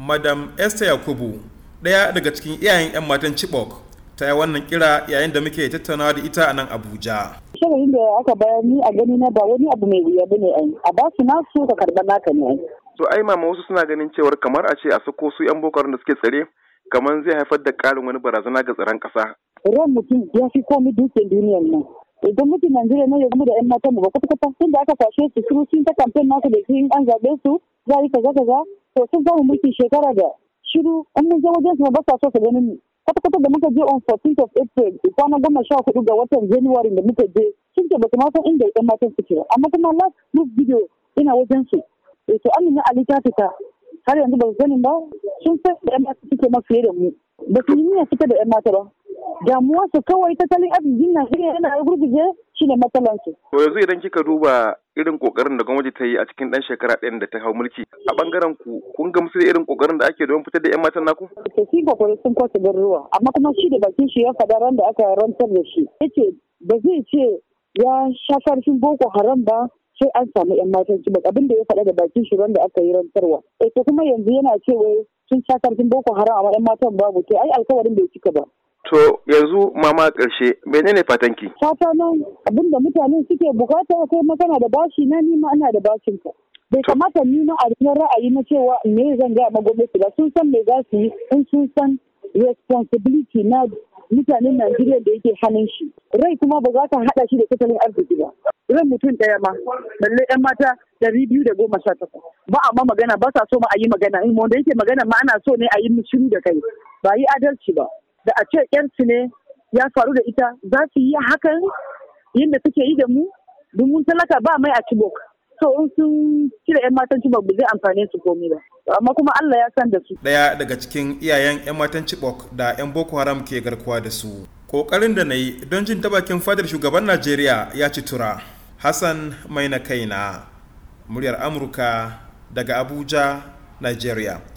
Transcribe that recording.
madam esther yakubu ɗaya daga cikin iyayen 'yan matan chibok ta yi wannan kira yayin da muke tattaunawa da ita a nan abuja shirin da aka bayar ni a gani na ba wani abu mai wuya bane ne a ba su nasu ka karɓa naka ne ai to ai mama wasu suna ganin cewar kamar a ce a sako su yan boko da suke tsare kamar zai haifar da karin wani barazana ga tsaron ƙasa. ran mutum ya fi komai dukiyar duniyar nan idan mutum Najeriya ne ya zama da 'yan matan mu ba kwata-kwata da aka kwashe su sun ta kamfen nasu da in an zaɓe su za a yi kaza kaza to sun zama mulki shekara da shiru an mun je wajen su ba sa so su ganin mu kwata kwata da muka je on 14th of April kwana goma sha hudu ga watan January da muka je sun ce ba su ma san inda ɗan matan suke ba amma kuma last news video ina wajen su eh, to Amina Ali ta har yanzu ba su sani ba sun san da ɗan matan suke ma fiye da mu ba su yi niyya da ɗan mata ba Damuwa su kawai tattalin abin arzikin Najeriya yana gurguje shi ne matsalansu. To yanzu idan kika duba irin kokarin da gwamnati ta yi a cikin dan shekara ɗayan da ta hau mulki a bangaren ku kun gamsu da irin kokarin da ake don fitar da yan matan naku? To shi kokari sun kwasa garuruwa, ruwa amma kuma shi da bakin shi ya faɗa ran da aka rantar da shi yace ba zai ce ya sha farfin boko haram ba sai an samu yan matan cibok abin da ya faɗa da bakin shi da aka yi rantarwa e eh, to kuma yanzu yana cewa sun sha karfin boko haram a yan matan babu to ai alkawarin bai cika ba To yanzu mama ƙarshe menene fatanki? Fata nan abinda mutane suke bukata kai magana da bashi na nima ana da bashin ka. Bai kamata ni na ra'ayi na cewa me zan ga ma gwamnati ba sun san me za su yi in sun san responsibility na mutanen Najeriya da yake hannun shi. Rai kuma ba za ta haɗa shi da tattalin arziki ba. Ran mutum ɗaya ma, balle 'yan mata ɗari biyu da goma sha takwas. Ba a ma magana ba sa so ma a yi magana, in wanda yake magana ma ana so ne a yi shiru da kai. Ba yi adalci ba. da a ce yanci ne ya faru da ita za su yi hakan yadda suke yi da mu domin talaka ba mai a cibok so in sun cire 'yan matan cibok ba zai amfane su komi ba amma kuma Allah ya san da su daya daga cikin iyayen 'yan matan cibok da 'yan boko haram ke garkuwa da su kokarin da nayi don jin tabakin fadar shugaban najeriya ya ci tura hassan mai na kaina muryar amurka daga abuja najeriya